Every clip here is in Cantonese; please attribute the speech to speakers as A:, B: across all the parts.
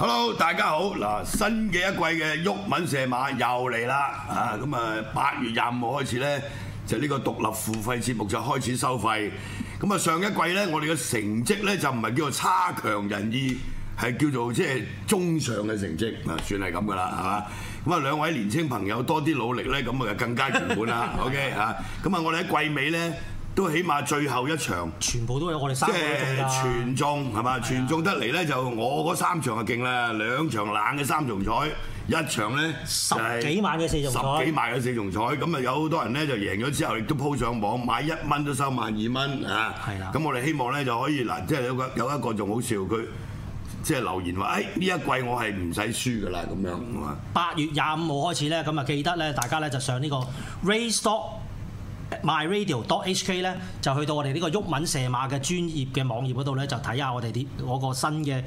A: Hello，大家好！嗱，新嘅一季嘅《旭文射馬》又嚟啦啊！咁啊，八月廿五號開始咧，就呢個獨立付費節目就開始收費。咁啊，上一季咧，我哋嘅成績咧就唔係叫做差強人意，係叫做即係中上嘅成績啊，算係咁噶啦，係嘛？咁啊，兩位年青朋友多啲努力咧，咁啊更加圓滿啦。OK 啊！咁啊，我哋喺季尾咧。都起碼最後一場，全部都係我哋三個中即係全中係嘛？吧是的 全中得嚟咧就我嗰三場就勁啦，兩場冷嘅三重彩，一場咧十幾萬嘅四重彩，十幾萬嘅四重彩。咁啊、嗯、有好多人咧就贏咗之後亦都鋪上網買一蚊都收萬二蚊啊！係啦。咁我哋希望咧就可以嗱，即係有個有一個仲好笑，佢即係留言話：誒呢一季我係唔使輸㗎啦咁樣
B: 八月廿五號開始咧，咁啊記得咧大家咧就上呢個 Race Stock myradio.hk 咧就去到我哋呢個毓民蛇馬嘅專業嘅網頁嗰度咧，就睇下我哋啲嗰個新嘅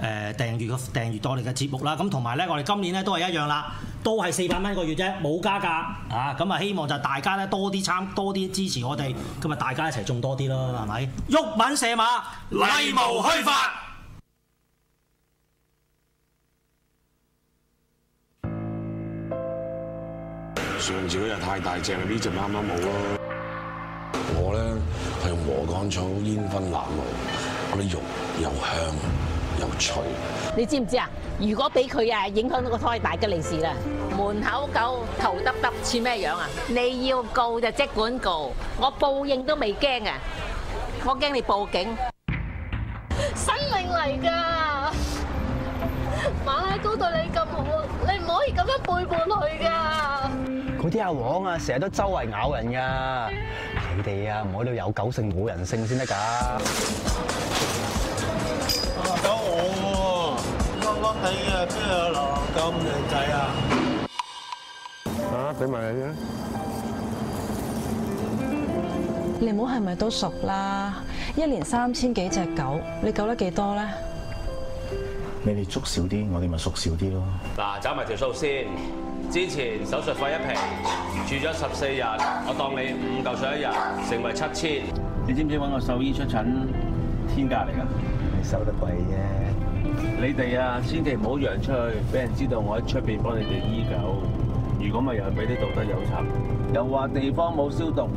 B: 誒訂閲嘅訂閲台嚟嘅節目啦。咁同埋咧，我哋今年咧都係一樣啦，都係四百蚊一個月啫，冇加價啊。咁、嗯、啊，希望就大家咧多啲參多啲支持我哋，今日大家一齊種多啲咯，係咪、嗯？毓民蛇馬，禮無虛發。
A: 上自己又太大隻啦，呢隻啱啱好咯。我咧係用禾稈草煙燻鴨肉，嗰啲肉又香又
B: 脆。你知唔知啊？如果俾佢啊影響到個胎，大吉利是啦。門口狗頭耷耷似咩樣啊？你要告就即管告，我報應都未驚啊！我驚你報警。生命嚟㗎，馬拉糕對你咁好，你唔可以咁樣背叛佢㗎。啲阿黃啊，成日都周圍咬人噶，你哋啊，唔好都有狗性冇人性先得噶。狗我，落落底啊，邊有落落咁靚仔啊？啊，俾埋你啦。你唔好係咪都熟啦？一年三千幾隻狗，你救得幾多咧？
A: 你哋捉少啲，我哋咪捉少啲咯。
B: 嗱，找埋條數先。之前手術費一平，住咗十四日，我當你五嚿水一日，成為七千。你知唔知揾個獸醫出診？天價嚟㗎，收得貴啫。你哋啊，千祈唔好揚出去，俾人知道我喺出邊幫你哋醫狗。如果唔係，又俾啲道德有查。又話地方冇消毒，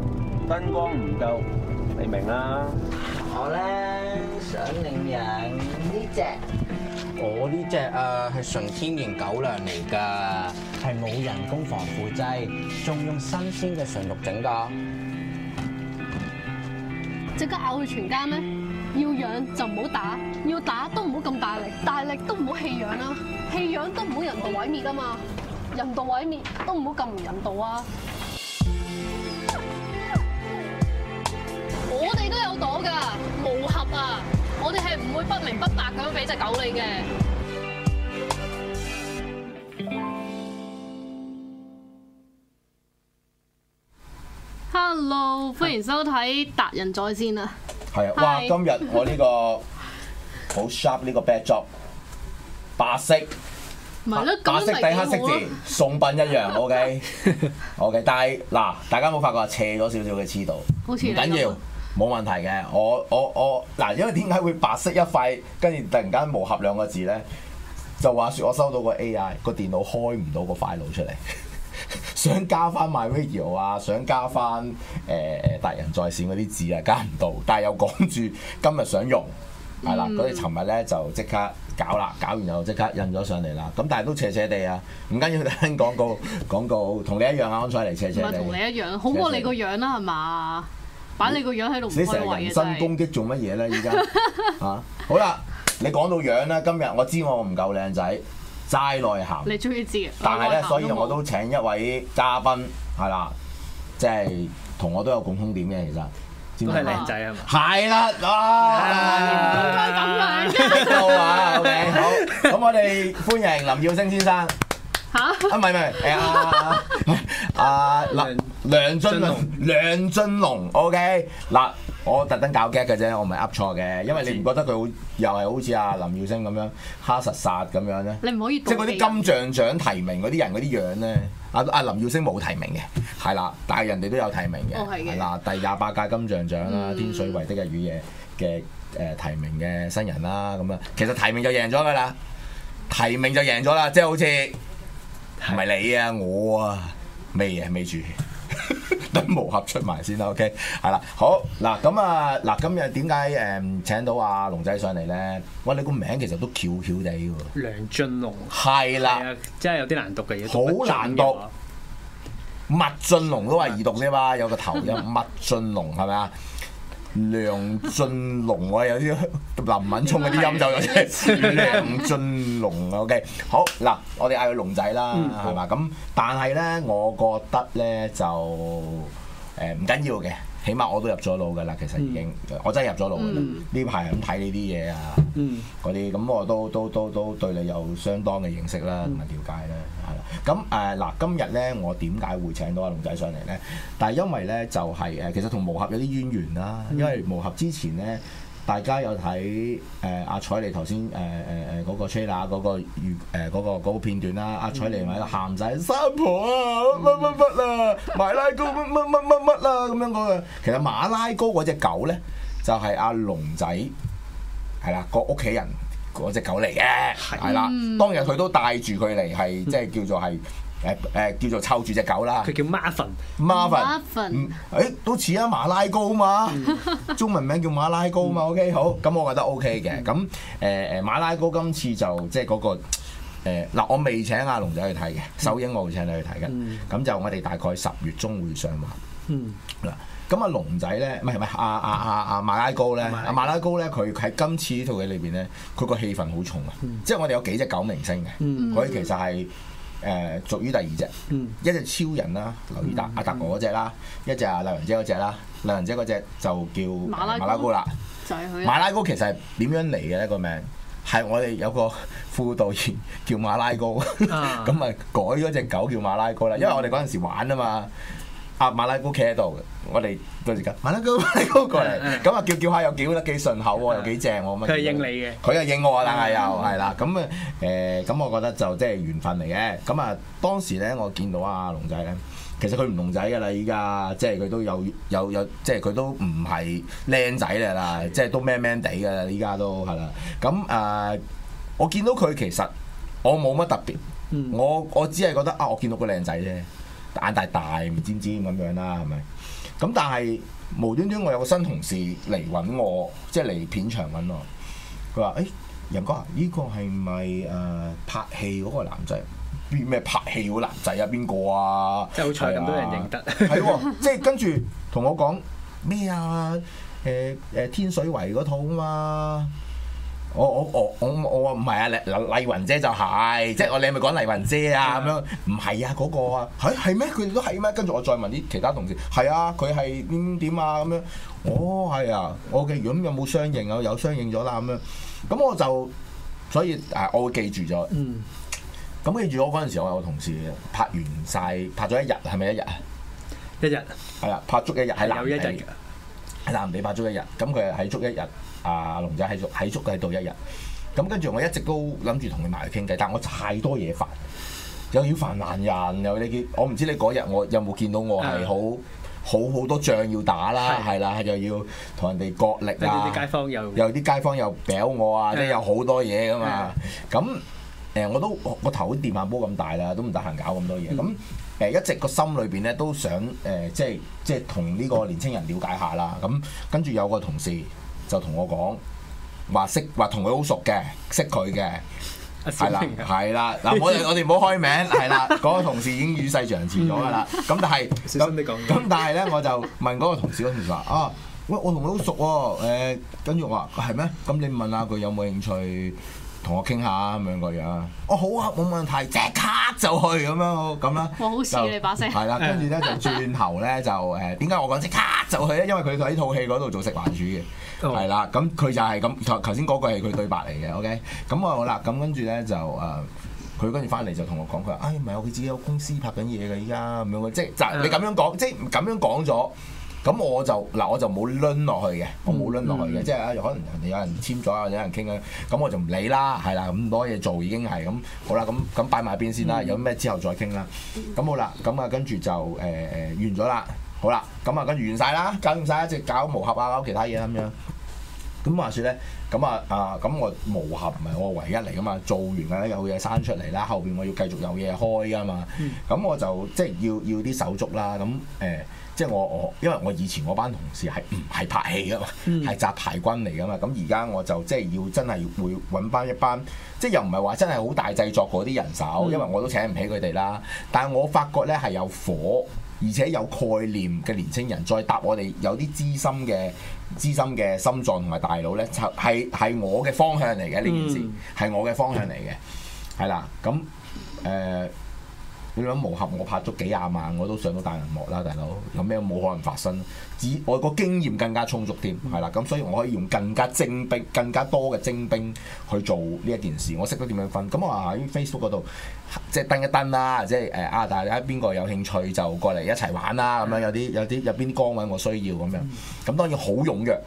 B: 燈光唔夠，你明啦。我咧想領養呢隻。我呢隻啊，係純天然狗糧
A: 嚟噶，係冇人工防腐劑，仲用新鮮嘅純鹿整噶。
B: 即刻咬佢全家咩？要養就唔好打，要打都唔好咁大力，大力都唔好棄養啊！棄養都唔好人道毀滅啊嘛，人道毀滅都唔好咁唔人道啊。我哋都有袋噶，無盒啊！我哋係唔會不明不白咁樣俾隻狗你嘅。Hello，歡迎收睇達仁在線啊！
A: 係啊的，Hi 哇！今日我呢個好 sharp 呢個 bad job，白色，
B: 唔 白，白色底黑色字，
A: 送品一樣。 OK，OK，okay, okay, 但係嗱，大家有冇發覺斜咗少少嘅黐度？好似唔緊要。冇問題嘅，我我我嗱，因為點解會白色一塊，跟住突然間無合兩個字咧，就話説我收到個 AI 個電腦開唔到個 file 出嚟， 想加翻 my video 啊，想加翻誒誒達仁在線嗰啲字啊，加唔到，但係有講住今日想用，
B: 係啦，嗰啲尋
A: 日咧就即刻搞啦，搞完就即刻印咗上嚟啦，咁但係都斜斜地啊，唔緊要，聽廣告廣告，同你一樣啊，安采妮斜斜地，唔係同你一
B: 樣，好過你個樣啦，係嘛？反你個樣喺度，你成日人身
A: 攻擊做乜嘢咧？而家吓，好啦，你講到樣啦，今日我知我唔夠靚仔，齋內涵。你終於知。但係咧，所以我都請一位嘉賓係啦、啊，即係同我都有共通點嘅，其實知都係靚仔啊嘛。係、ah, 啦，哇，原來咁靚好啊，OK，好，咁我哋歡迎林耀星先生吓、啊？啊唔係唔係，誒阿阿林。梁俊龍，梁進龍，OK 嗱，我特登搞 gag 嘅啫，我唔係噏錯嘅，因為你唔覺得佢好，又係好似阿林耀星咁、啊、樣哈實殺咁樣咧？你唔可以即係嗰啲金像獎提名嗰啲人嗰啲樣咧，阿、啊、阿林耀星冇提名嘅，係啦，但係人哋都有提名嘅，係啦，第廿八屆金像獎啦，《天水圍的日與夜》嘅誒提名嘅新人啦，咁啊，其實提名就贏咗噶啦，提名就贏咗啦，即、就、係、是、好似唔係你啊，我啊，未啊，未住？ 等毛盒出埋先啦，OK，係啦，好嗱咁啊嗱，今日點解誒請到阿、啊、龍仔上嚟咧？喂，你個名其實都翹翹哋喎，梁進龍係啦，嗯、真係有啲難讀嘅嘢，好難讀，麥浚龍都話易讀啫嘛，啊、有個頭音麥 浚龍係咪啊？梁進龍啊，有 啲林敏聰嗰啲音就有啲。 梁進龍啊，OK，好嗱，我哋嗌佢龍仔啦，係嘛，嗯？咁但係咧，我覺得咧就誒唔緊要嘅，起碼我都入咗腦噶啦，其實已經，嗯、我真係入咗腦噶啦。呢排咁睇呢啲嘢啊，嗰啲咁，我都都都都對你有相當嘅認識啦，同埋瞭解啦。咁誒嗱，今日咧我點解會請到阿龍仔上嚟咧？但係因為咧就係、是、誒，其實同無合有啲淵源啦、啊。因為無合之前咧，大家有睇誒阿彩妮頭先誒誒誒嗰個 trailer 嗰、那個呃那個那個片段啦、啊。阿、啊、彩妮咪話鹹仔三婆啊，乜乜乜啊，馬拉糕乜乜乜乜乜啊咁樣講啊。其實馬拉糕嗰隻狗咧，就係、是、阿龍仔，係啦、啊，個屋企人，嗰隻狗嚟嘅，係啦，當日佢都帶住佢嚟，係即係叫做係誒誒叫做湊住隻狗啦。佢叫 Marvin，Marvin，誒都似啊馬拉糕嘛，中文名叫馬拉糕嘛。OK，好，咁我覺得 OK 嘅。咁誒誒馬拉糕今次就即係嗰個誒嗱，我未請阿龍仔去睇嘅，首映我會請你去睇嘅。咁就我哋大概十月中會上畫。嗱。咁啊龍仔咧，唔係唔係，阿阿阿阿馬拉高咧，馬拉高咧，佢喺今次呢套戲裏邊咧，佢個戲份好重啊！即係我哋有幾隻狗明星嘅，佢其實係誒屬於第二隻，一隻超人啦，劉以達阿達哥嗰隻啦，一隻啊劉仁姐嗰隻啦，劉仁姐嗰隻就叫馬拉高啦，
B: 馬拉
A: 高其實係點樣嚟嘅一個名？係我哋有個副導演叫馬拉高，咁啊改咗隻狗叫馬拉高啦，因為我哋嗰陣時玩啊嘛。啊，馬拉姑企喺度，我哋到時夾馬拉姑，馬拉姑過嚟，咁啊叫叫下又叫得幾順口喎，又幾正喎，咁佢係應
B: 你嘅，佢又應我啊，又係啦。
A: 咁啊誒，咁我覺得就即係緣分嚟嘅。咁啊，當時咧我見到阿龍仔咧，其實佢唔龍仔㗎啦，依家即係佢都有有有，即係佢都唔係靚仔啦，啦，即係都 man man 哋㗎啦，依家都係啦。咁啊，我見到佢其實我冇乜特別，我我只係覺得啊，我見到個靚仔啫。眼大大，你知唔知咁樣啦？係咪？咁但係無端端我有個新同事嚟揾我，即係嚟片場揾我。佢話：誒、欸，仁哥，呢個係咪誒拍戲嗰個男仔？邊咩拍戲嗰個男仔啊？邊個啊？即係好彩咁多人認得。係喎，即係跟住同我講咩啊？誒、呃、誒、呃，天水圍嗰套啊嘛。我我我我我話唔係啊，麗麗麗雲姐就係、係，即係我你係咪講麗雲姐啊？咁是、啊、樣唔係啊，嗰、嗰個啊，係係咩？佢哋都係咩？跟住我再問啲其他同事，係啊，佢係點點啊？咁樣，哦係啊我嘅如有冇相應啊？有，有相應咗啦，咁樣。咁我就所以誒，我會記住咗。嗯。咁記住我嗰陣時，我有同事拍完晒，拍咗一，一，一日，係咪一日啊？一日係啊，拍足一日係啦。有一日係啦，唔理拍足一日，咁佢係足一日。啊，龍仔喺喺足底度一日，咁跟住我一直都諗住同你埋去傾偈，但係我太多嘢煩，又要煩難人，又你叫我唔知你嗰日我有冇見到我係，是的 好好好多仗要打啦，係啦的，又要同人哋角力啊，啲街、街坊又，有啲街坊又屌我啊，即係是的 有好多嘢㗎嘛，咁誒我都我頭都掂下煲咁大啦，都唔得閒搞咁多嘢，咁誒的、嗯、一直個心裏邊咧都想誒、呃呃呃呃、即係即係同呢個年青人、家人家了解下啦，咁跟住有個同事。嗯嗯嗯嗯 就同我講話識話同佢好熟嘅，識佢嘅，係啦係啦。嗱我哋我哋唔好開名，係啦，嗰個同事已經與世長辭咗㗎啦，咁但係咁咁但係咧，我就問嗰個同事，嗰同事話哦，我、呃、我同佢好熟喎，跟住我話係咩？咁你問下佢有冇興趣？同我傾下咁樣個樣，我、哦、好啊，冇問題，即刻就去咁樣， 樣，咁樣
B: 我好笑，你把聲係啦，跟住咧就轉
A: 頭咧就誒點解我講即刻就去咧？因為佢喺套戲嗰度做食環署嘅係啦，咁佢、oh. 就係咁頭頭先嗰句係佢對白嚟嘅。OK，咁我好啦咁跟住咧就誒佢跟住翻嚟就同我講佢話：哎，唔係我佢自己有公司拍緊嘢嘅依家咁樣，就是樣 uh. 即係就你咁樣講，即係咁樣講咗。咁、嗯、 我就嗱我就冇輪落去嘅，我冇輪落去嘅，嗯、即係啊可能人哋有人簽咗啊，有，有人傾啊，咁我就唔理啦，係啦，咁多嘢做已經係咁，好啦，咁咁擺埋邊先啦，嗯、有咩之後再傾啦，咁好啦，咁啊跟住就誒誒、呃、完咗啦，好啦，咁啊跟住完晒啦，搞唔曬一直搞模合啊，搞，搞，搞，搞，搞，搞，搞其他嘢咁樣，咁話說咧。咁啊啊，咁我無憾，唔係我唯一嚟噶嘛，做完咧有嘢生出嚟啦，後邊我要繼續有嘢開噶嘛。咁、嗯、我就即係要要啲手足啦。咁誒、呃，即係我我，因為我以前我班同事係唔係拍戲噶嘛，係雜、嗯、牌軍嚟噶嘛。咁而家我就即係要真係要會揾翻一班，即係又唔係話真係好大製作嗰啲人手，嗯、因為我都請唔起佢哋啦。但係我發覺咧係有火，而且有概念嘅年輕人，再搭我哋有啲資深嘅。資深嘅心臟同埋大腦呢，係係我嘅方向嚟嘅呢件事，係我嘅方向嚟嘅，係啦，咁誒。呃你諗無合我拍咗幾廿萬，我都上到大銀幕啦，大佬。有咩冇可能發生？只我個經驗更加充足添，係啦。咁所以我可以用更加精兵、更加多嘅精兵去做呢一件事。我識得點樣分。咁我喺 Facebook 嗰度即係登一登啦、啊，即係誒啊！大家喺邊個有興趣就過嚟一齊玩啦、啊。咁樣有啲有啲入邊崗位我需要咁樣。咁當然好踴躍。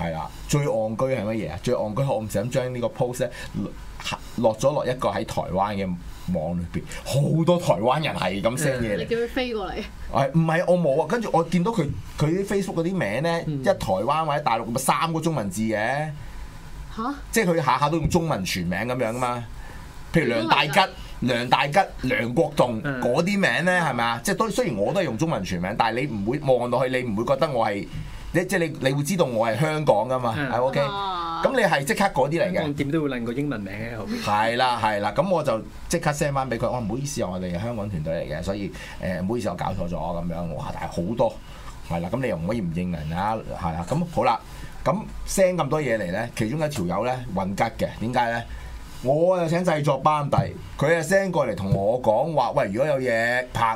A: 係啦，最戇居係乜嘢啊？最戇居，我唔想將呢個 post 咧落咗落一個喺台灣嘅網裏邊，好多台灣人係咁 send 嘢嚟、嗯。你叫
B: 佢飛
A: 過嚟？唔係我冇啊。跟住我見到佢佢啲 Facebook 嗰啲名咧，一、嗯、台灣或者大陸咪三個中文字嘅嚇，啊、即係佢下下都用中文全名咁樣啊嘛。譬如梁大吉、梁大吉、梁國棟嗰啲、嗯、名咧，係咪啊？即係都雖然我都係用中文全名，但係你唔會望落去，你唔會覺得我係。你即係你，你會知道我係香港噶嘛？係 OK。咁你係即刻嗰啲嚟嘅，點都會令個英文名喺後邊。係啦， 係啦，咁我就即刻 send 翻俾佢。我、哦、唔好意思，我哋係香港團隊嚟嘅，所以誒、呃、唔好意思，我搞錯咗咁樣。哇！但係好多係啦，咁你又唔可以唔認人啊？係啦，咁好啦，咁 send 咁多嘢嚟咧，其中一條友咧混吉嘅，點解咧？我又請製作班底，佢啊 send 過嚟同我講話，喂，如果有嘢拍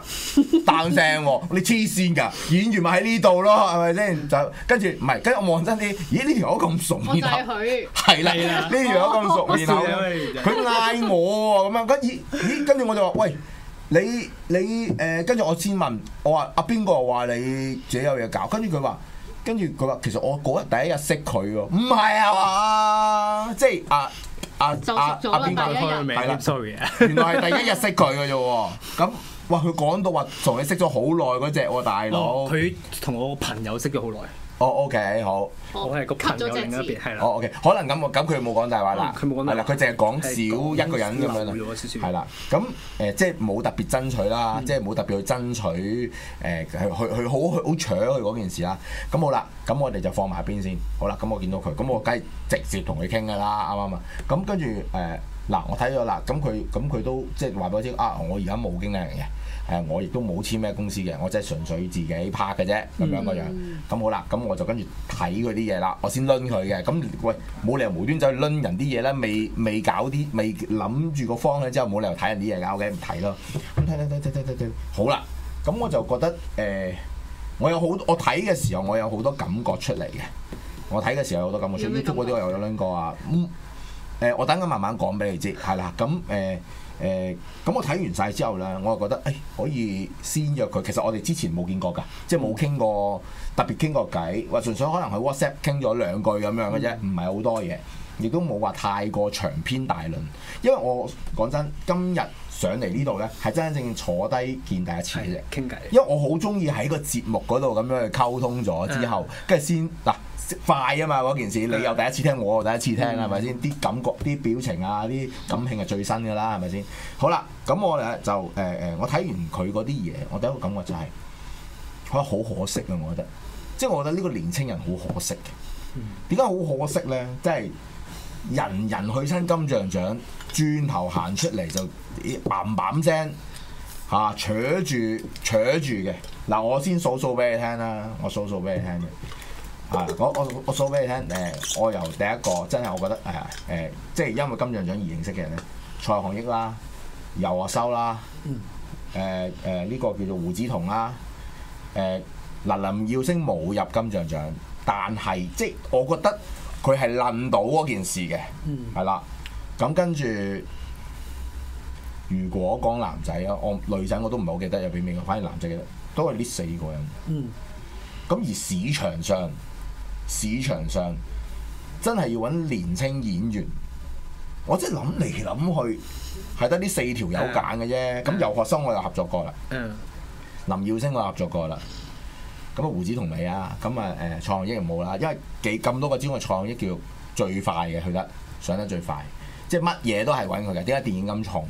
A: 單聲， 你黐線㗎，演員咪喺呢度咯，係咪先？就跟住，唔係，跟住我望真啲，咦？呢條友咁熟面，就
B: 係啦，呢、哦、條友咁熟面，然後佢
A: 嗌我咁樣，跟住，咦？跟住我就話，喂，你你誒，跟、呃、住我先問，我話阿邊個話你自己有嘢搞，跟住佢話，跟住佢話，其實我嗰日第一日識佢喎，唔係啊嘛，即係啊。啊啊啊啊啊啊啊啊阿阿阿邊個去開佢名？係 s o r r y 原來係第一日識佢嘅啫喎。咁 哇，佢講到話同你識咗好耐嗰隻喎，大佬。佢同、哦、我朋友識咗好耐。哦、oh，OK，好，我係個朋友另一邊，係啦，哦，OK，可能咁，咁佢冇講大話啦，佢冇講大話，係啦了，佢淨係講少一個人咁樣，係啦、嗯，咁誒、呃，即係冇特別爭取啦，嗯、即係冇特別去爭取，誒、呃，佢佢佢好好搶佢嗰件事啦，咁好啦，咁我哋就放埋邊先，好啦，咁我見到佢，咁我梗係直接同佢傾噶啦，啱唔啱啊？咁跟住誒，嗱，我睇咗啦，咁佢咁佢都即係話俾我知啊，我而家冇經理人嘅。啊啊誒，我亦都冇簽咩公司嘅，我真係純粹自己拍嘅啫，咁樣個樣。咁好啦，咁我就跟住睇嗰啲嘢啦，我先攤佢嘅。咁喂，冇理由無端就去攤人啲嘢啦，未未搞啲，未諗住個方向，之後冇理由睇人啲嘢㗎，我唔睇咯。睇睇睇睇睇睇，好啦，咁我就覺得誒、欸，我有好，我睇嘅時候我有好多感覺出嚟嘅。我睇嘅時候有好多感覺出嚟，啲股嗰啲我又有攤過啊。嗯，我等緊慢慢講俾你知，係、嗯、啦，咁誒。欸誒咁、嗯、我睇完晒之後呢，我係覺得誒可以先約佢。其實我哋之前冇見過㗎，即係冇傾過特別傾過偈，或純粹可能喺 WhatsApp 傾咗兩句咁樣嘅啫，唔係好多嘢，亦都冇話太過長篇大論。因為我講真，今日上嚟呢度呢，係真真正正坐低見第一次嘅啫，傾偈。因為我好中意喺個節目嗰度咁樣去溝通咗之後，跟住、嗯、先嗱。快啊嘛嗰件事，你又第一次聽，我又第一次聽，係咪先？啲感覺、啲表情啊、啲感興係最新㗎啦，係咪先？好啦，咁我誒就誒誒、呃，我睇完佢嗰啲嘢，我第一個感覺就係、是，我覺得好可惜啊！我覺得，即係我覺得呢個年輕人好可惜嘅。點解好可惜呢？即係人人去親金像獎，轉頭行出嚟就嘭嘭聲嚇，扯住扯住嘅。嗱，我先數數俾你聽啦，我數數俾你聽嘅。啊！我我我數俾你聽，誒、呃，我由第一個真係我覺得誒誒、呃呃，即係因為金像獎而認識嘅人咧，蔡康益啦、游學修啦、誒誒呢個叫做胡子彤啦、誒嗱林耀星冇入金像獎，但係即係我覺得佢係諗到嗰件事嘅，係啦、嗯。咁跟住如果講男仔啊，我女仔我都唔係好記得入邊幾個，反而男仔記得都係呢四個人。嗯。咁而市場上市場上真係要揾年青演員，我真係諗嚟諗去，係得呢四條友揀嘅啫。咁游、嗯、學修我又合作過啦，嗯、林耀聲我又合作過啦。咁啊胡子彤尾啊，咁啊誒創益亦冇啦，因為幾咁多個之中，我創益叫最快嘅，去得上得最快，即係乜嘢都係揾佢嘅。點解電影咁重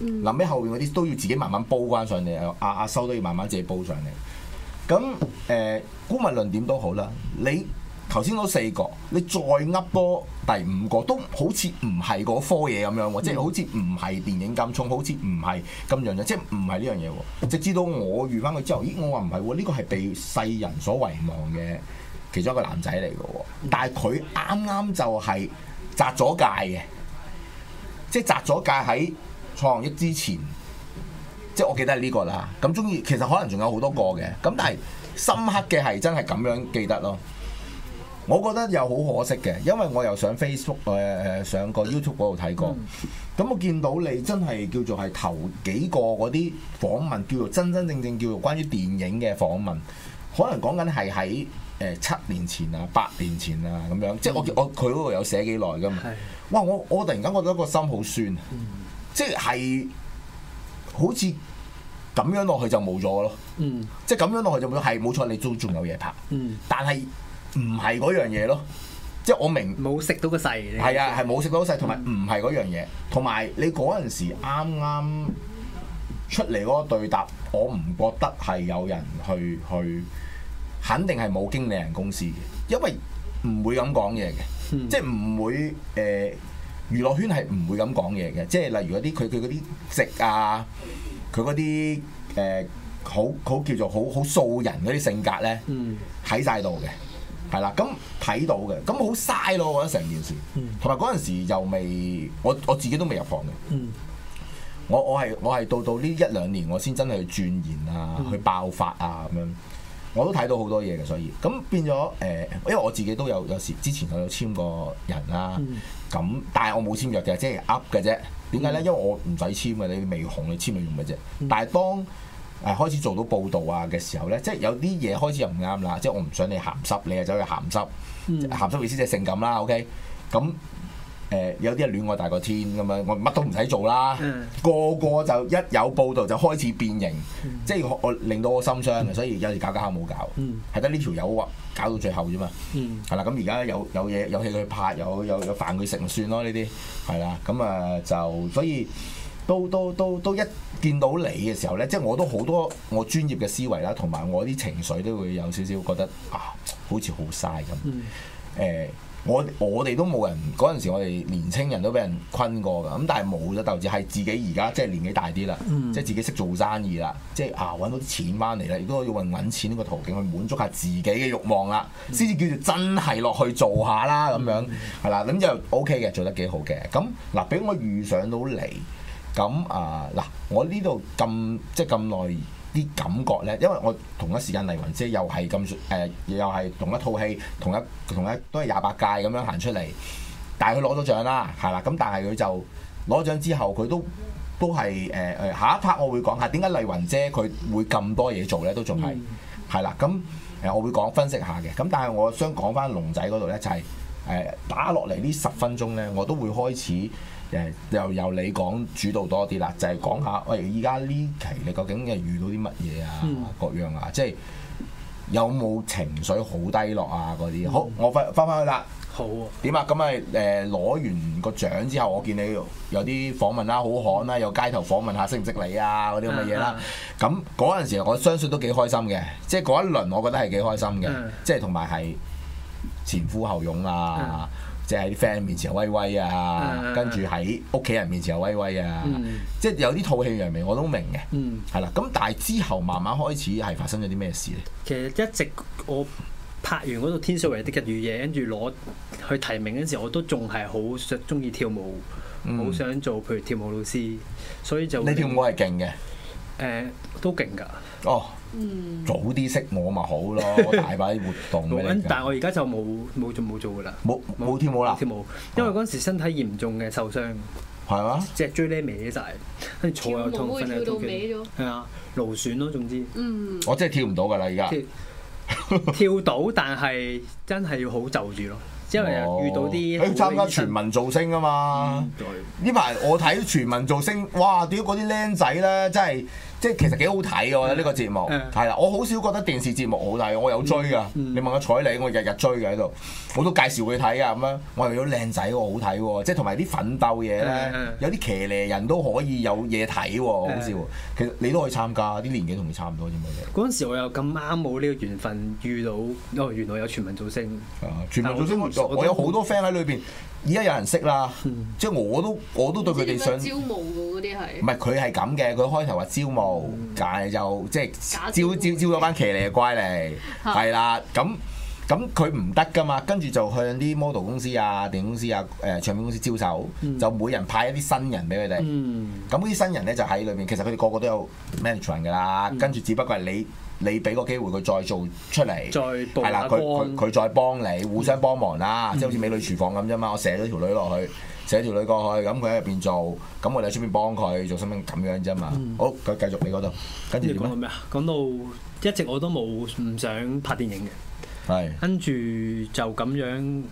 A: 嘅？
B: 臨
A: 尾、嗯、後邊嗰啲都要自己慢慢煲翻上嚟，阿阿修都要慢慢自己煲上嚟。咁誒，姑勿、呃、論點都好啦。你頭先嗰四個，你再噏波第五個，都好似唔係嗰科嘢咁樣喎，即係、嗯、好似唔係電影咁重，好似唔係咁樣嘅，即係唔係呢樣嘢喎。直至到我遇翻佢之後，咦？我話唔係喎，呢、呢個係被世人所遺忘嘅其中一個男仔嚟嘅喎。但係佢啱啱就係擲咗界嘅，即係擲咗界喺創業之前。即係我記得係呢個啦，咁中意其實可能仲有好多個嘅，咁但係深刻嘅係真係咁樣記得咯。我覺得又好可惜嘅，因為我又上 Facebook 誒、呃、誒上個 YouTube 嗰度睇過，咁我見到你真係叫做係頭幾個嗰啲訪問，叫做真真正正叫做關於電影嘅訪問，可能講緊係喺誒七年前啊、八年前啊咁樣，即係我、嗯、我佢嗰度有寫幾耐噶嘛。係。哇！我我突然間覺得個心好酸，嗯、即係。好似咁樣落去就冇咗咯，嗯，即係咁樣落去就冇咗，係冇錯，你都仲有嘢拍，嗯，但係唔係嗰樣嘢咯，即係我明冇食到個細，係啊，係冇食到個細，同埋唔係嗰樣嘢，同埋你嗰陣時啱啱出嚟嗰個對答，我唔覺得係有人去去，肯定係冇經理人公司嘅，因為唔會咁講嘢嘅，嗯，即係唔會誒。呃娛樂圈係唔會咁講嘢嘅，即係例如嗰啲佢佢嗰啲直啊，佢嗰啲誒好好叫做好好素人嗰啲性格咧，喺晒度嘅，係啦，咁睇到嘅，咁好嘥咯，我覺得成件事，同埋嗰陣時又未，我我自己都未入行嘅、嗯，我我係我係到到呢一兩年我先真係去鑽研啊，嗯、去爆發啊咁樣。我都睇到好多嘢嘅，所以咁變咗誒、呃，因為我自己都有有時之前有簽過人啦、啊，咁、嗯、但係我冇簽約嘅，即係噏嘅啫。點解咧？因為我唔使簽嘅，你未紅你簽咪用嘅啫。嗯、但係當誒、呃、開始做到報道啊嘅時候咧，即係有啲嘢開始又唔啱啦，即係我唔想你鹹濕，你又走去鹹濕，鹹濕、嗯、意思即係性感啦，OK？咁。誒、呃、有啲人戀愛大過天咁樣，我乜都唔使做啦。嗯、個個就一有報導就開始變形，嗯、即係我令到我心傷嘅，所以有時搞搞下冇搞，係得呢條友啊搞到最後啫嘛。係啦、嗯，咁而家有有嘢有戲佢拍，有有有飯佢食咪算咯，呢啲係啦。咁啊就所以都都都都都一見到你嘅時候咧，即係我都好多我專業嘅思維啦，同埋我啲情緒都會有少少覺得啊，好似好嘥咁誒。呃嗯我我哋都冇人嗰陣時，我哋年青人都俾人困過㗎。咁但係冇得投資，係自己而家即係年紀大啲啦，嗯、即係自己識做生意啦，即係啊揾到啲錢翻嚟啦，亦都要揾錢呢個途徑去滿足下自己嘅欲望啦，先至、嗯、叫做真係落去做下啦咁樣係啦。咁、嗯、就 O K 嘅，做得幾好嘅。咁嗱，俾我遇上到你，咁啊嗱，我呢度咁即係咁耐。啲感覺呢，因為我同一時間麗雲姐又係咁誒，又係同一套戲，同一同一，同一都係廿八屆咁樣行出嚟，但係佢攞咗獎啦，係啦，咁但係佢就攞獎之後，佢都都係誒誒下一 part 我會講下點解麗雲姐佢會咁多嘢做呢，都仲係係啦，咁誒、嗯、我會講分析下嘅，咁但係我想講翻龍仔嗰度呢，就、呃、誒打落嚟呢十分鐘呢，我都會開始。誒又由你講主導多啲啦，就係、是、講下，喂，依家呢期你究竟係遇到啲乜嘢啊？嗯、各樣啊，即係有冇情緒好低落啊？嗰啲好，我返返返去啦。好、哦、啊。點啊？咁咪誒攞完個獎之後，我見你有啲訪問啦、啊，好罕啦、啊，有街頭訪問下識唔識你啊？嗰啲咁嘅嘢啦。咁嗰陣時，我相信都幾開心嘅，即係嗰一輪，我覺得係幾開心嘅，即係同埋係前呼後擁啊。啊即喺啲 friend 面前威威啊，啊，跟住喺屋企人面前又威威啊，嗯、即係有啲吐
B: 氣揚眉我都明嘅，係啦、嗯。咁但係之後慢慢開始係發生咗啲咩事咧？其實一直我拍完嗰、那、套、個《天水圍的日與夜》，跟住攞去提名嗰陣時候，我都仲係好想鍾意跳舞，好、嗯、想做譬如跳舞老師，所以就你跳舞係勁嘅。誒、呃、都勁㗎！哦、oh, 嗯，早啲識我咪好咯，我大把啲活動。 但係我而家就冇冇做冇做㗎啦。冇冇跳舞啦，跳舞，因為嗰陣時身體嚴重嘅受傷。係嘛、啊？脊椎咧歪曬，跟住坐又痛，瞓又痛。係啊吧，勞損咯，總之。嗯。我真係跳唔到㗎啦跳，而家。跳到，但係真係要好就住咯。因為遇到啲、哦，佢參加全
A: 民造星啊嘛，
B: 呢排我睇全民造星，嗯、造星，哇屌嗰啲
A: 僆仔咧真係～即係其實幾好睇嘅喎呢個節目，係啦，我好少覺得電視節目好睇，我有追㗎。你問我采妮，我日日追㗎喺度，我都介紹佢睇啊咁樣。我又有靚仔喎，好睇喎，即係同埋啲奮鬥嘢咧，有啲騎呢人都可以有嘢睇喎，好笑。
B: 其實你都可以參加，啲年紀同你差唔多啫嘛。嗰陣時我又咁啱冇呢個緣分遇到，哦，原來有全民造星。全民造星我有好多
A: friend 喺裏邊，而家有人識啦。即係我都我都對佢哋想招
B: 募嗰啲係。唔係
A: 佢係咁嘅，佢開頭話招募。但、嗯、就即係招招招嗰班騎呢怪嚟，係啦、嗯，咁咁佢唔得噶嘛，跟住就向啲 model 公司啊、電影公司啊、誒、呃、唱片公司招手，就每人派一啲新人俾佢哋。咁啲、嗯、新人咧就喺裏面其實佢哋個個都有 management 噶啦，跟住、嗯、只不過係你你俾個機會佢再做出嚟，係啦，佢佢再幫你互相幫忙啦，嗯、即係好似美女廚房咁啫嘛，我射咗條女落去。寫條女過去，咁佢喺入邊做，咁我哋喺出邊幫佢做，新唔使咁樣啫嘛？嗯、好，佢繼續你嗰度，跟住點
B: 咧？講到一直我都冇唔想拍電影嘅，係跟住就咁樣。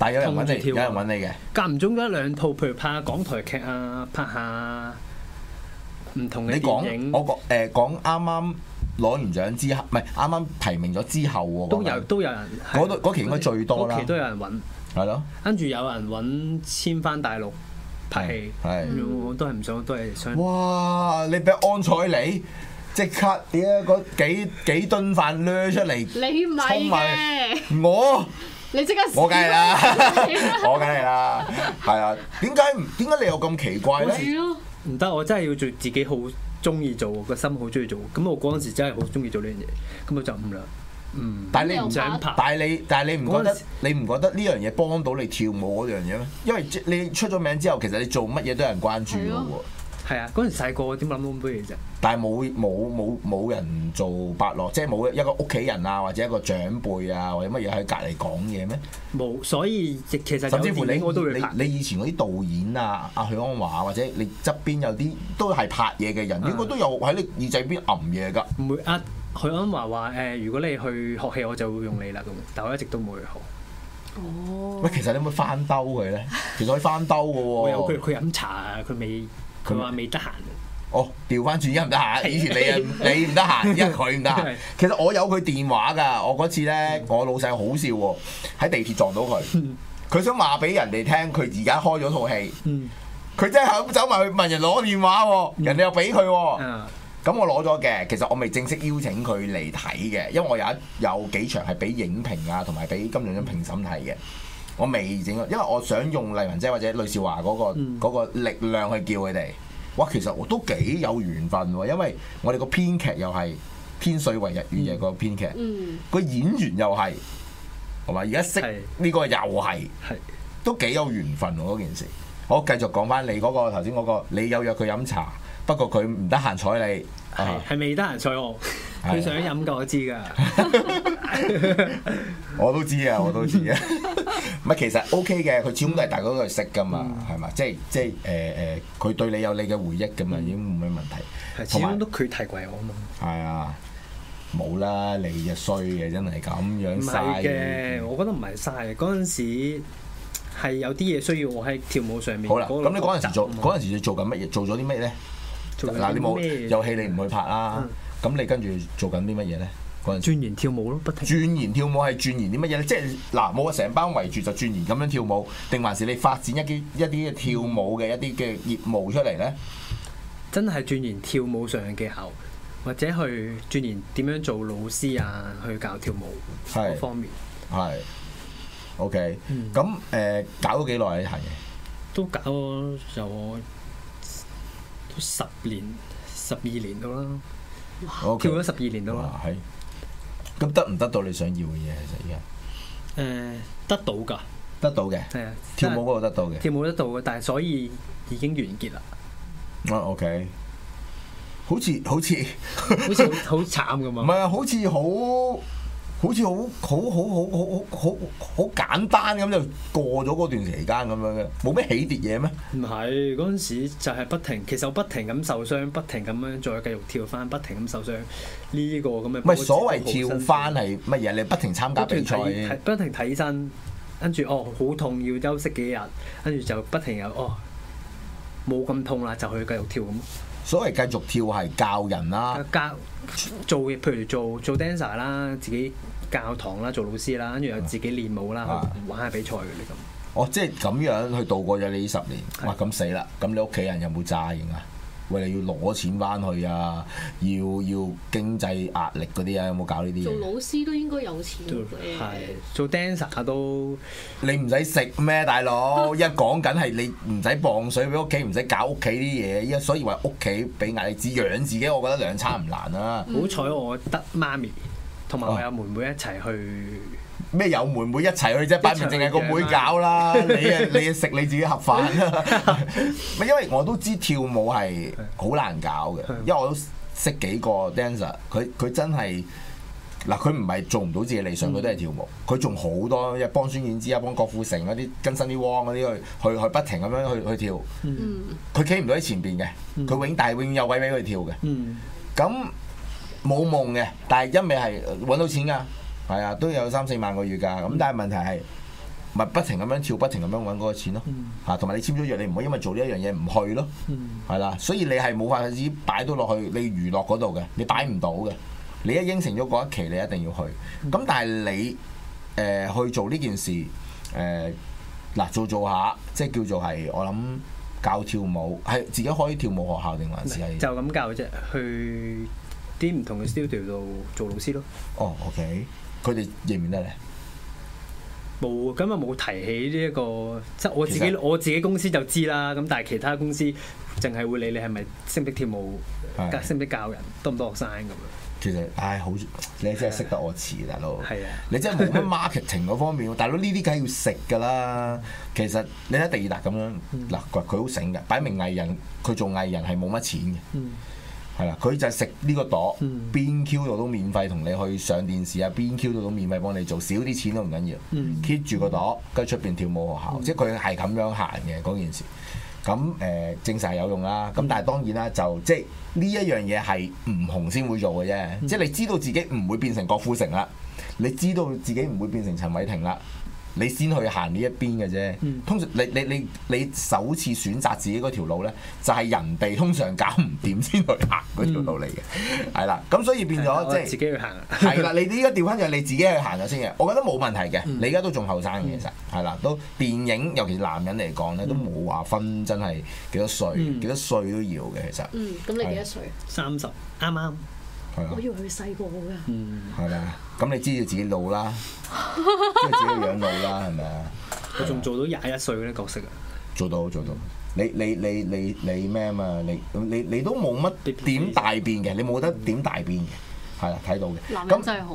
B: 但係有人揾你，有人揾你嘅間唔中一兩套，譬如拍港台劇啊，拍下唔同嘅電影。我
A: 講誒講啱啱攞完獎之後，唔係啱啱提名咗之後喎，都有
B: 都有人。嗰期應該最多啦，嗰期都有人揾。係咯，跟住有人揾簽返大陸拍戲，我都係唔想，都係想。哇！你俾安采妮，即刻點啊？嗰幾幾頓飯掠出嚟，你唔係
A: 我你
B: 即刻死，我梗係啦，我梗係啦，係 啊然？點解唔點解你又咁奇怪咧？唔得， 我真係要做自己好中意做，個心好中意做，咁我嗰陣時真係好中意做呢樣嘢，咁我就唔啦。
A: 嗯、但係你唔想
B: 拍？但係你，時你，但係你唔覺得
A: 時你唔覺得呢樣嘢幫到你跳舞嗰樣嘢咩？因為你出咗名之後，其實你做乜嘢都有人關注嘅喎。係啊，嗰陣細個點諗到咁多嘢啫？但係冇冇冇冇人做伯樂，即係冇一個屋企人啊，或者一個長輩啊，或者乜嘢喺隔離講嘢咩？冇，所以其實甚至乎你我都會拍你你以前嗰啲導演啊，阿許鞍華，或者你側邊有啲都係
B: 拍嘢嘅人，嗯、應該都有喺你耳仔邊揞嘢㗎。唔會呃。佢啱啱話：誒，如果你去學戲，我就會用你啦。咁，但我一直都冇去學。哦，喂，其實你有冇翻兜佢咧？其實可以翻兜嘅喎。佢，佢飲茶啊，佢未，佢話未得閒。
A: 哦，調翻轉一唔得閒，以前你啊，你唔得閒一佢唔得閒。其實我有佢電話噶，我嗰次咧，我老細好笑喎，喺地鐵撞到佢，佢想話俾人哋聽，佢而家開咗套戲，佢真係咁走埋去問人攞電話，人哋又俾佢。咁、嗯、我攞咗嘅，其實我未正式邀請佢嚟睇嘅，因為我有一有幾場係俾影評啊，同埋俾金像獎評審睇嘅。我未整，因為我想用麗雲姐或者呂少華嗰個力量去叫佢哋。哇，其實我都幾有緣分喎、啊，因為我哋個編劇又係天水圍日與夜嘅、嗯、個編劇，嗯、個演員又係，係嘛？而家識呢個又係，係是都幾有緣分喎、啊、嗰件事。我繼續講返你嗰、那個頭先嗰個，你有約佢飲茶。不過佢唔得閒睬你，係未得閒睬我？佢 想飲個我知噶， 我都知啊，我都知啊。唔係其實 OK 嘅，佢始終都係大家都係識噶嘛，係嘛、mm hmm.？即係即係誒誒，佢、呃、對你有你嘅回憶噶嘛，mm hmm. 已經冇咩問題。始終都佢提攜我啊嘛。係啊，冇、哎、啦，你嘅衰嘅真係咁樣嘥嘅。
B: 我覺得唔係嘥。嘅、嗯，嗰陣時係有啲嘢需要我喺跳舞上面好。好啦，咁你嗰陣時做嗰陣
A: 時你做緊乜嘢？做咗啲乜咧？嗱，你冇遊戲，你唔去拍啦。咁你跟住做緊啲乜嘢咧？嗰陣。鑽研跳舞咯，不停。鑽研跳舞係鑽研啲乜嘢咧？即係嗱，冇話成班圍住就鑽研咁樣跳舞，定
B: 還是你發展一啲一啲嘅跳舞嘅一啲嘅業務出嚟咧？真係鑽研跳舞上嘅技巧，或者去鑽研點樣做老師啊，去教跳舞嗰方面。係。
A: O K。咁誒，
B: 搞咗幾耐啊？呢行嘢。都搞就。十年、十二年到啦，okay, 跳咗十二年到啦！咁得唔得到你想要嘅嘢？其實依家誒得到㗎，得到嘅，跳舞嗰個得到嘅，跳舞得到嘅，但係所以已經完結啦。
A: 啊，OK，
B: 好似好似好似好慘咁啊！唔係啊，好似好～ 好 好似好好好好好好好簡單咁就過咗嗰段期間咁樣嘅，冇咩起跌嘢咩？唔係嗰陣時就係不停，其實我不停咁受傷，不停咁樣再繼續跳翻，不停咁受傷呢個咁嘅。唔係所謂跳翻係乜嘢？你不停參加比賽，不停睇身，跟住哦好痛要休息幾日，跟住就不停有哦冇咁痛啦，就去繼續跳咁、嗯。所謂繼續跳係教人啦，教做譬如做做 dancer 啦，自己教堂啦，做老師啦，跟住又自己練舞啦，啊、玩下比賽嗰啲咁。哦，即係
A: 咁樣去度過咗你呢十年。哇是的、啊，咁死啦！咁你屋企人有冇炸型啊？喂，你要攞錢翻去啊！要、要經濟壓力嗰啲啊，有冇搞呢啲？做
B: 老師都應該有錢嘅。
A: 做 dancer 都你唔使食咩，大佬一，講緊係你唔使磅水俾屋企，唔使搞屋企啲嘢，一，所以話屋企俾壓力只養自己，我覺得兩餐唔難啊。嗯、好彩我得媽咪同埋我有妹妹一齊去。啊咩有妹妹一齊去啫？擺明淨係個妹，妹搞啦， 你啊你啊食你自己盒飯。咪 因為我都知跳舞係好難搞嘅， 因為我都識幾個 dancer，佢佢真係嗱，佢唔係做唔到自己理想，佢都係跳舞。佢仲好多，又幫孫燕姿啊，幫郭富城嗰啲，更新啲汪嗰啲去去去不停咁樣去去跳。佢企唔到喺前邊嘅，佢永大、嗯、永遠有位俾佢跳嘅。
B: 嗯，
A: 咁冇、嗯、夢嘅，但係因咪係揾到錢㗎。係啊，都有三四萬個月㗎，咁但係問題係，咪、嗯、不停咁樣跳，不停咁樣揾嗰個錢咯。嚇、嗯，同埋你簽咗約，你唔可以因為做呢一樣嘢唔去咯。係啦、嗯，所以你係冇法子擺到落去你娛樂嗰度嘅，你擺唔到嘅。你一應承咗嗰一期，你一定要去。咁但係你誒、呃、去做呢件事誒，嗱、呃、做做下，即係叫做係我諗教跳舞，係自己開跳舞學校定還是係
B: 就咁教啫？去啲唔同嘅 studio 度做老師咯。哦，OK。佢哋認唔得咧？冇，咁啊冇提起呢一個，即係我自己實我自己公司就知啦。咁但係其他公司，淨係會理你係咪識唔識跳舞，識唔識教人，多唔多學生咁樣。
A: 其實，唉，好，的你真係識得我詞，大佬。係啊的，你真係冇乜 marketing 嗰方面。 大佬呢啲梗係要食噶啦。其實你睇第二達咁樣，嗱佢好醒嘅，擺明藝人，佢做藝人係冇乜錢嘅。嗯係啦，佢就食呢個朵，邊 Q 度都免費同你去上電視啊，邊 Q 度都免費幫你做，少啲錢都唔緊要，keep 住個朵跟住出邊跳舞學校，嗯、即係佢係咁樣行嘅嗰件事。咁誒、呃，正常係有用啦。咁但係當然啦，就即係呢一樣嘢係唔紅先會做嘅啫。嗯、即係你知道自己唔會變成郭富城啦，你知道自己唔會變成陳偉霆啦。你先去行呢一邊嘅啫，通常你你你你首次選擇自己嗰條路呢，就係、是、人哋通常搞唔掂先去行嗰條路嚟嘅，係啦、嗯。 咁所以變咗即係自己去行。係啦，你而家調翻就你自己去行咗先嘅。我覺得冇問題嘅。嗯、你而家都仲後生嘅，其實係啦，都電影尤其男人嚟講呢，都冇話分真係幾多歲，幾、嗯、多歲都要嘅其實。嗯，
B: 咁你幾多歲？三十，啱啱。啊、我以為佢細個㗎，嗯，係啦、啊，咁你知你自己老啦，即係 自己養老啦，係咪啊？佢仲 做到廿一歲
A: 嘅角色啊！做到做到，你你你你你咩啊嘛？你你你都冇乜點大變嘅，你冇得點大變嘅，係啦、啊，睇到嘅。咁真係好。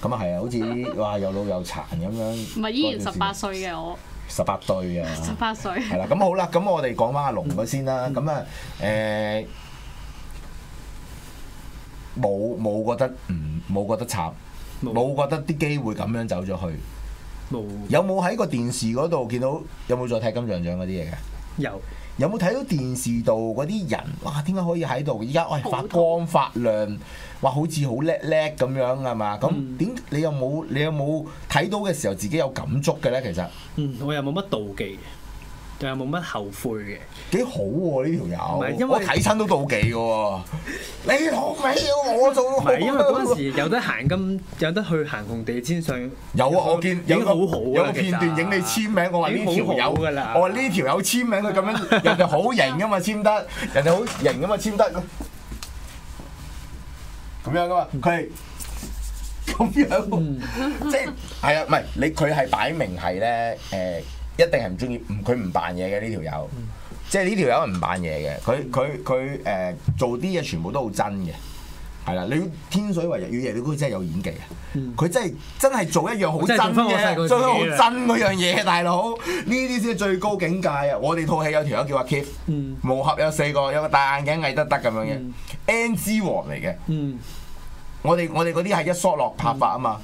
A: 咁啊係啊，好似哇又老又殘咁樣。唔係， 依然十八歲嘅我歲。十八對啊！十
B: 八歲。係啦、 嗯，
A: 咁好啦，咁我哋講翻阿龍佢先啦，咁啊誒。冇冇覺得唔冇、嗯、覺得慘，冇有覺得啲機會咁樣走咗去。
B: 冇
A: 有冇喺個電視嗰度見到，有冇再睇金像獎嗰啲嘢嘅？有有冇睇到電視度嗰啲人哇？點解可以喺度依家喂發光發亮，哇好似好叻叻咁樣係嘛？咁點、嗯、你有冇你有冇睇到嘅時候自己有感觸嘅咧？其實嗯，
B: 我又冇乜妒忌。就冇乜後悔嘅，幾好喎呢條友！我睇親都妒忌嘅喎。你後悔要我做咯，唔係因為嗰陣時有得行咁，有得去行紅地氈上。有啊，我見有個有個片段影你簽
A: 名，我話呢條友嘅啦。我話呢條友簽名佢咁樣人哋好型嘅嘛，簽得人哋好型嘅嘛，簽得咁樣嘅嘛，係咁樣，即係係啊，唔係你佢係擺明係咧，誒。一定係唔中意，唔佢唔扮嘢嘅呢條友，這個嗯、即係呢條友唔扮嘢嘅，佢佢佢誒做啲嘢全部都好真嘅，係啦。你天水圍日與夜，你估真係有演技啊？佢、嗯、真係真係做一樣好真嘅，真做得好真嗰樣嘢， 大佬呢啲先最高境界啊！我哋套戲有條友叫阿 Kiff、嗯、無合有四個，有個戴眼鏡毅得得咁、嗯嗯、樣嘅 NG 王嚟嘅、嗯嗯，我哋我哋嗰啲係一索落拍法啊嘛。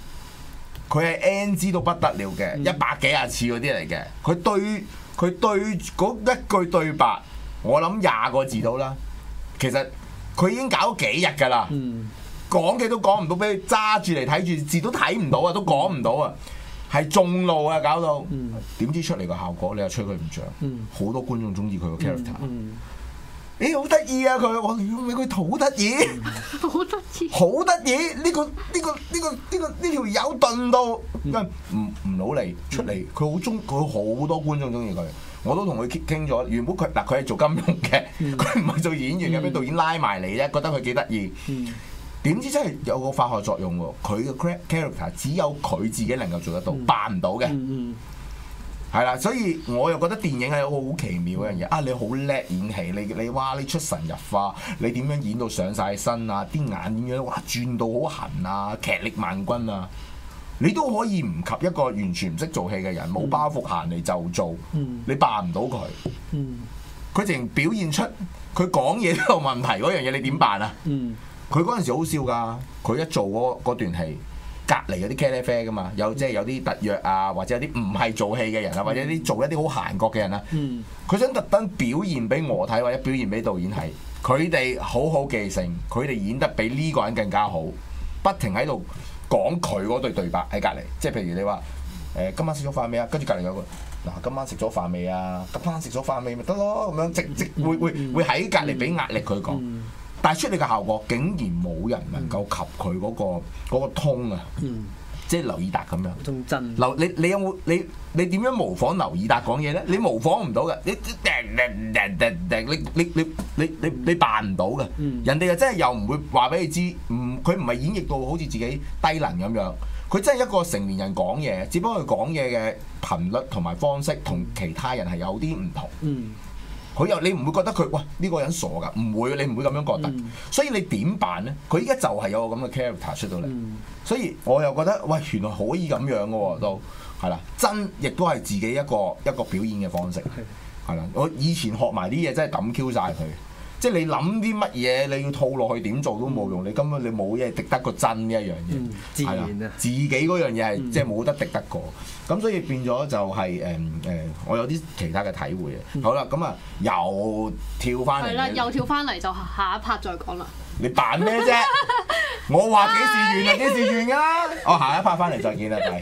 A: 佢係 NG 到不得了嘅，嗯、一百幾廿次嗰啲嚟嘅。佢對佢對嗰一句對白，我諗廿個字到啦。其實佢已經搞咗幾日㗎啦。
B: 嗯、
A: 講嘅都講唔到，俾佢揸住嚟睇住字都睇唔到啊，都講唔到啊，係仲怒啊，搞到點、嗯、知出嚟個效果，你又吹佢唔漲。好、嗯、多觀眾中意佢個 character、嗯。嗯嗯咦，好、欸啊、 得意啊佢，我我咪佢好得意，好得意，好得意！呢個呢個呢個呢個呢條友遁到，唔唔唔努力出嚟，佢好中，佢好多觀眾中意佢，我都同佢傾咗。原本佢嗱佢係做金融嘅，佢唔係做演員嘅，俾、嗯、導演拉埋嚟咧，覺得佢幾得意。點、嗯、知真係有個化學作用喎，佢嘅 character 只有佢自己能夠做得到，扮唔到嘅。係啦，所以我又覺得電影係個好奇妙一樣嘢啊！你好叻演戲，你你哇你出神入化，你點樣演到上晒身啊？啲眼點樣哇轉到好痕啊，劇力萬鈞啊，你都可以唔及一個完全唔識做戲嘅人，冇、嗯、包袱行嚟就做，嗯、你扮唔到佢。佢淨、嗯、表現出佢講嘢都有問題嗰樣嘢，你點辦啊？佢嗰陣時好笑㗎，佢一做嗰段戲。隔離嗰啲 c a 啡 l 噶嘛，有即係有啲特約啊，或者有啲唔係做戲嘅人啊，或者啲做一啲好閒角嘅人啊，佢、嗯、想特登表現俾我睇，或者表現俾導演睇。佢哋好好記性，佢哋演得比呢個人更加好，不停喺度講佢嗰對對白喺隔離，即係譬如你話誒今晚食咗飯未啊？跟住隔離有個嗱今晚食咗飯未啊？今晚食咗飯未咪得咯？咁樣直直會會會喺隔離俾壓力佢講。嗯嗯嗯但係出嚟嘅效果竟然冇人能夠及佢嗰、嗰個通啊！即係劉以達咁樣，仲真。劉，你你有冇你你點樣模仿劉以達講嘢咧？你模仿唔到嘅，你叮叮叮叮叮叮叮叮你你你你你你扮唔到嘅。Mm. 人哋又真係又唔會話俾你知，唔、嗯，佢唔係演繹到好似自己低能咁樣，佢真係一個成年人講嘢，只不過佢講嘢嘅頻率同埋方式同其他人係有啲唔同。Mm. 佢又你唔會覺得佢，哇！呢、呢個人傻㗎，唔會，你唔會咁樣覺得。Mm. 所以你點辦咧？佢依家就係有個咁嘅 character 出到嚟，mm. 所以我又覺得，喂，原來可以咁樣嘅都係啦，真亦都係自己一個一個表演嘅方式，係啦。 我以前學埋啲嘢真係抌 Q 晒佢。 即係你諗啲乜嘢，你要套落去點做都冇用，嗯、你根本你冇嘢敵得過真呢一樣嘢，係啦、啊，啊、自己嗰樣嘢係即係冇得敵得過，咁、嗯、所以變咗就係誒誒，我有啲其他嘅體會啊。嗯、好啦，咁啊又跳翻嚟，係啦，又跳
B: 翻嚟就下一 part 再講啦。講你扮咩啫？ 我話幾時完啊？幾時完㗎、啊？我下一 part 翻嚟再見啦，大家。